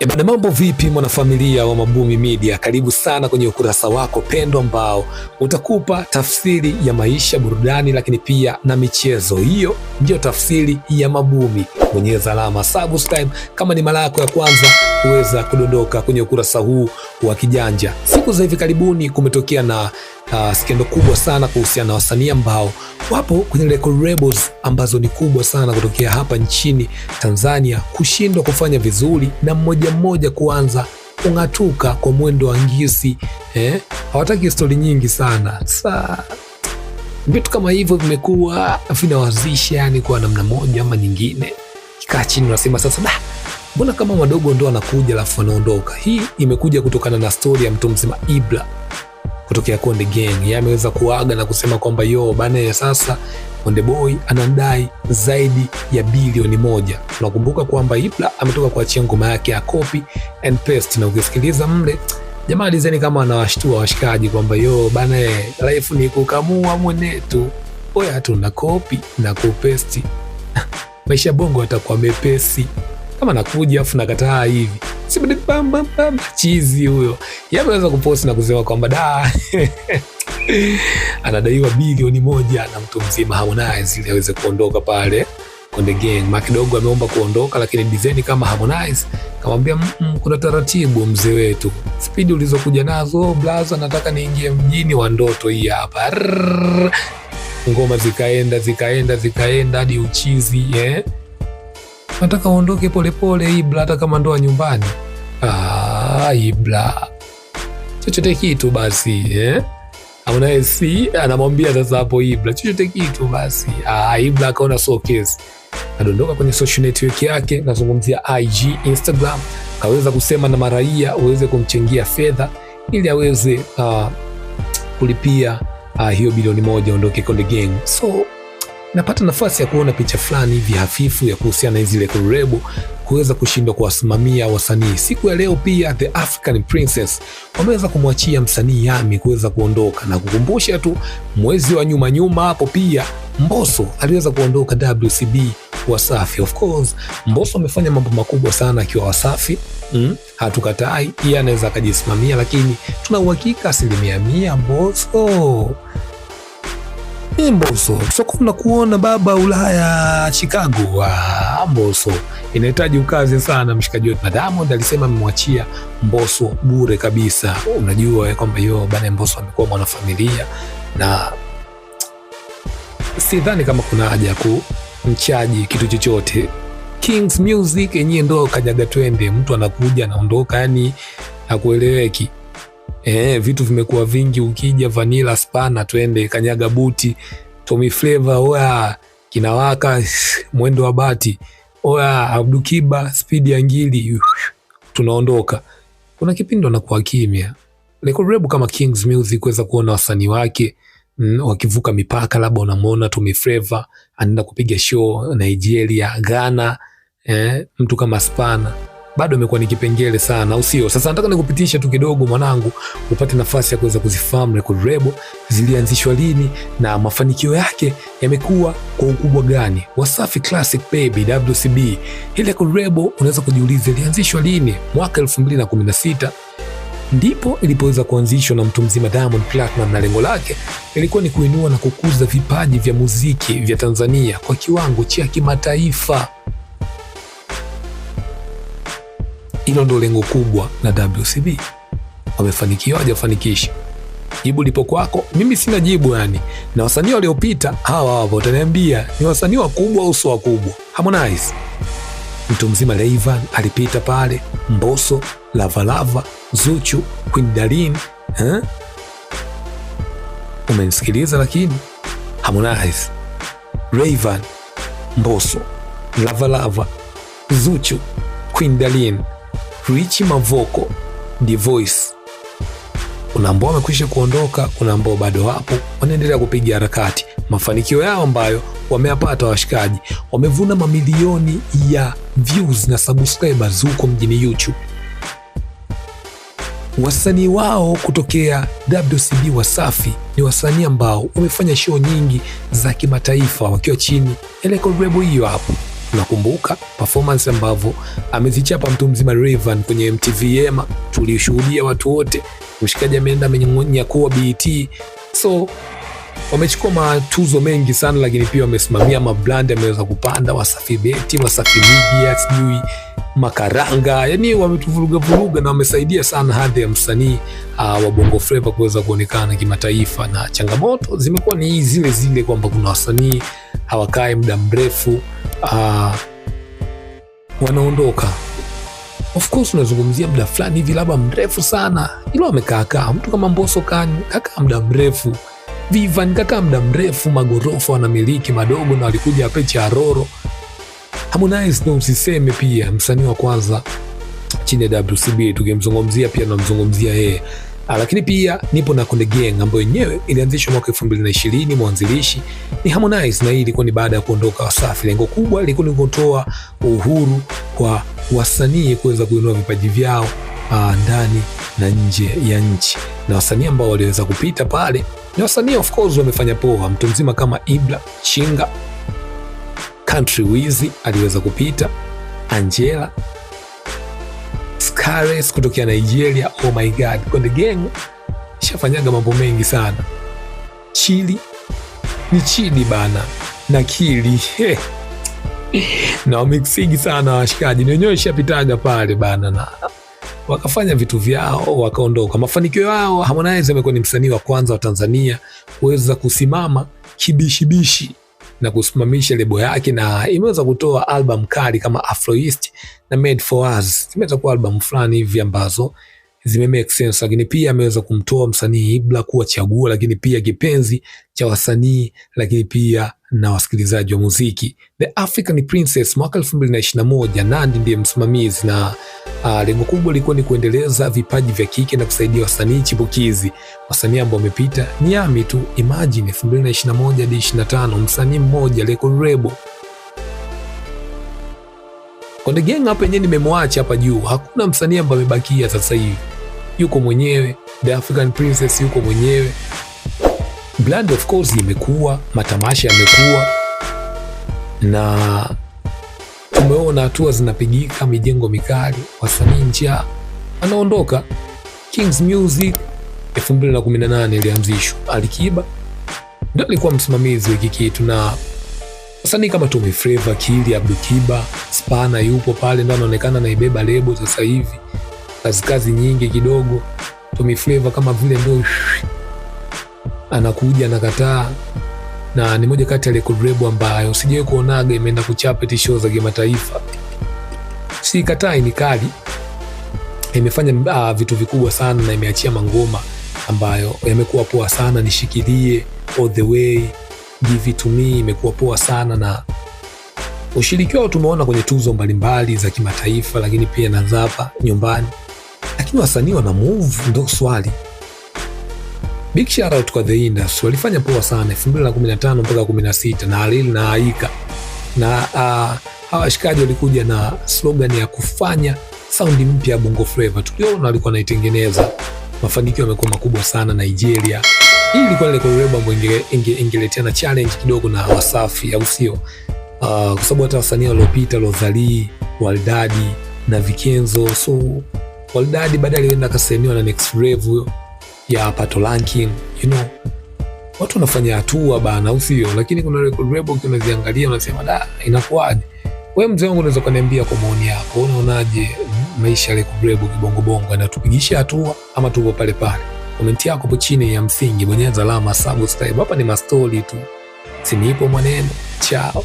Ebana, eh, mambo vipi mwanafamilia wa Mabumi Media, karibu sana kwenye ukurasa wako pendo ambao utakupa tafsiri ya maisha, burudani, lakini pia na michezo. Hiyo ndiyo tafsiri ya Mabumi. Bonyeza alama subscribe kama ni mara yako ya kwanza kuweza kudondoka kwenye ukurasa huu wa kijanja. Siku za hivi karibuni kumetokea na uh, skendo kubwa sana kuhusiana na wasanii ambao wapo kwenye record labels ambazo ni kubwa sana kutokea hapa nchini Tanzania kushindwa kufanya vizuri na mmoja mmoja kuanza kung'atuka kwa mwendo wa ngisi eh? Hawataki histori nyingi sana sa vitu kama hivyo vimekuwa vinawazisha yani, kwa namna moja ama nyingine. Kikaa chini unasema sasa, da, mbona kama madogo ndo anakuja alafu anaondoka. Hii imekuja kutokana na stori ya mtu mzima Ibra kutokea Konde Gang. Yeye ameweza kuaga na kusema kwamba yo bana, ya sasa Konde Boy anadai zaidi ya bilioni moja. Tunakumbuka kwamba Ibra ametoka kuachia ngoma yake ya copy and paste, na ukisikiliza mle jamaa dizeni kama anawashtua washikaji kwamba yo bana, life ni kukamua mwenetu, oya na copy na kupesti maisha bongo atakuwa mepesi kama nakuja afu nakataa hivi chizi huyo yameweza kuposti na kusema kwamba da anadaiwa bilioni moja na mtu mzima Harmonize ili aweze kuondoka pale Konde Gang. Makidogo ameomba kuondoka, lakini dizeni kama Harmonize kamwambia mm, mm, kuna taratibu, mzee wetu, spidi ulizokuja nazo oh, blaza, nataka niingie mjini wa ndoto hii hapa. Ngoma zikaenda zikaenda zikaenda hadi uchizi eh? nataka uondoke polepole Ibra, hata kama ndoa nyumbani. Ah, Ibra chochote kitu basi eh? Amunasi anamwambia sasa hapo Ibra chochote kitu basi. Ah, Ibra akaona so kesi, adondoka kwenye social network yake, nazungumzia IG, Instagram, kaweza kusema na maraia uweze kumchangia fedha ili aweze uh, kulipia uh, hiyo bilioni moja ondoke konde gang so napata nafasi ya kuona picha fulani hivi hafifu ya kuhusiana hizi zile kurebo kuweza kushindwa kuwasimamia wasanii. Siku ya leo pia The African Princess wameweza kumwachia msanii Yami kuweza kuondoka na kukumbusha tu mwezi wa nyuma nyuma hapo pia Mbosso aliweza kuondoka WCB Wasafi. Of course Mbosso amefanya mambo makubwa sana akiwa Wasafi mm, hatukatai, yeye anaweza akajisimamia, lakini tuna uhakika asilimia mia Mbosso Mboso soko kuona baba Ulaya Chicago. wa ah, Mboso inahitaji ukaze sana mshikaji wetu, na alisema amemwachia Mboso bure kabisa. Oh, unajua kwamba hiyo bana Mboso amekuwa mwanafamilia na sidhani kama kuna haja ku kumchaji kitu chochote. Kings Music yenyewe ndo kanyaga twende, mtu anakuja anaondoka, yani hakueleweki. Eh, vitu vimekuwa vingi. Ukija vanilla spana, twende kanyaga buti. Tommy Flavor oya, kinawaka mwendo wa bati. Oya, Abdukiba speed ya ngili, tunaondoka. Kuna kipindi anakuwa kimya Record label kama Kings Music kuweza kuona wasanii wake mm, wakivuka mipaka, labda unamwona Tommy Flavor anaenda kupiga show Nigeria, Ghana, eh, mtu kama Spana bado imekuwa ni kipengele sana, au sio? Sasa nataka nikupitisha tu kidogo mwanangu, upate nafasi ya kuweza kuzifahamu record label zilianzishwa lini na mafanikio yake yamekuwa kwa ukubwa gani. Wasafi Classic Baby WCB, hii record label unaweza kujiuliza ilianzishwa lini? Mwaka 2016 ndipo ilipoweza kuanzishwa na mtu mzima Diamond Platnumz, na lengo lake ilikuwa ni kuinua na kukuza vipaji vya muziki vya Tanzania kwa kiwango cha kimataifa. Hilo ndo lengo kubwa la WCB. Wamefanikiwa hajafanikisha? Jibu lipo kwako, mimi sina jibu yani. Na wasanii waliopita hawa hapo utaniambia ni wasanii wakubwa, sio wakubwa. Harmonize, mtu mzima, Rayvanny alipita pale, Mbosso, Lavalava, Zuchu, Queen Darin, eh? Umenisikiliza? Lakini Harmonize, Rayvanny, Mbosso, Lavalava, Zuchu, Queen Darlene Richi Mavoko The Voice. Kuna ambao wamekwisha kuondoka, kuna ambao bado hapo wanaendelea kupiga harakati. Mafanikio yao ambayo wameyapata washikaji, wamevuna mamilioni ya views na subscribers huko mjini YouTube. Wasanii wao kutokea WCB Wasafi ni wasanii ambao wamefanya show nyingi za kimataifa wakiwa chini ya record label hiyo hapo tunakumbuka performance ambavyo amezichapa mtu mzima Rayvanny kwenye MTV Yema, tulishuhudia watu wote, mshikaji ameenda amenyakua BET. So wamechukua matuzo mengi sana, lakini pia wamesimamia mabrand ameweza kupanda Wasafi Beti, Wasafi Media, sijui Makaranga, yani wametuvuruga vuruga na wamesaidia sana hadhi ya msanii uh, wa Bongo Flava kuweza kuonekana kimataifa. Na changamoto zimekuwa ni zile zile kwamba kuna wasanii hawakae muda mrefu uh, wanaondoka Of course unazungumzia muda fulani hivi labda mrefu sana, ila amekaakaa mtu kama kani kakaa muda mrefu, Vivan kakaa muda mrefu, magorofa wanamiliki madogo, na walikuja apechi Roro. Harmonize ndo msiseme, pia msanii wa kwanza chini ya WCB, tukimzungumzia pia namzungumzia yeye. Ah, lakini pia nipo na Konde Gang ambayo yenyewe ilianzishwa mwaka 2020, mwanzilishi ni Harmonize na hii ilikuwa ni baada ya kuondoka Wasafi. Lengo kubwa lilikuwa ni kutoa uhuru kwa wasanii kuweza kuinua vipaji vyao ah, ndani na nje ya nchi, na wasanii ambao waliweza kupita pale ni wasanii of course wamefanya poa, mtu mzima kama Ibra, Chinga, Country Wizi aliweza kupita, Angela Karis kutokea Nigeria. Oh my god, Konde Gang ishafanyaga mambo mengi sana. Chili ni chidi bana na kili na wameksigi sana washikaji, ni wenyewe ishapitaga pale bana na wakafanya vitu vyao wakaondoka. Mafanikio yao, Harmonize amekuwa ni msanii wa kwanza wa Tanzania kuweza kusimama kibishibishi na kusimamisha lebo yake, na imeweza kutoa albamu kali kama Afroist na Made for Us. Zimeweza kuwa albamu fulani hivi ambazo zimemake sense, lakini pia ameweza kumtoa msanii Ibla kuwa chaguo, lakini pia kipenzi cha wasanii, lakini pia na wasikilizaji wa muziki. The African Princess mwaka 2021, Nandy ndiye msimamizi na uh, lengo kubwa lilikuwa ni kuendeleza vipaji vya kike na kusaidia wasanii chipukizi, wasanii ambao wamepita nyami tu. Imagine 2021 hadi 25 msanii mmoja Leko Rebo Konde Gang hapa yenyewe nimemwacha hapa juu, hakuna msanii ambaye amebakia sasa hivi. Yuko mwenyewe, The African Princess yuko mwenyewe, Blood of course imekuwa, matamasha yamekuwa, na tumeona hatua zinapigika, mijengo mikali, wasanii njia anaondoka. Kings Music 2018 ilianzishwa, Alikiba ndio alikuwa msimamizi wa hiki kitu na wasanii kama Tommy Flavor, Kili, Abdu Kiba, Spana yupo pale ndo anaonekana anaibeba lebo sasa hivi, kazi kazi nyingi kidogo. Tommy Flavor kama vile ndo anakuja anakataa, na ni moja kati ya record label ambayo sijawahi kuonaga imeenda kuchapa ti show za kimataifa. Si katai ni kali, imefanya uh, vitu vikubwa sana na imeachia mangoma ambayo yamekuwa poa sana, nishikilie all the way Jivitumi imekuwa poa sana na ushiriki wao tumeona kwenye tuzo mbalimbali za kimataifa, lakini pia na zapa nyumbani, lakini wasanii wana move, ndo swali. Big shout out kwa The Industry, walifanya poa sana 2015 mpaka 16 na Alil na Aika na uh, hawa washikaji walikuja na slogan ya kufanya saundi mpya ya Bongo Flava, tukiona walikuwa naitengeneza. Mafanikio yamekuwa makubwa sana Nigeria. Hii ilikuwa ile collab ambayo ingeletea na challenge kidogo na Wasafi, au sio? Uh, kwa sababu hata wasanii waliopita Rosalie, Waldadi na Vikenzo. So Waldadi baadaye alienda akasehemiwa na Next Level ya Pato Ranking, you know watu wanafanya hatua bana, au sio? Lakini kuna record label unaziangalia unasema da, inakuwaje? Wewe mzee wangu, unaweza kuniambia kwa maoni yako, unaonaje maisha ya record label kibongo bongo, anatupigisha hatua ama tuko pale pale? Komenti yako hapo chini ya msingi, bonyeza alama subscribe. Hapa ni mastori tu, sinipo maneno chao.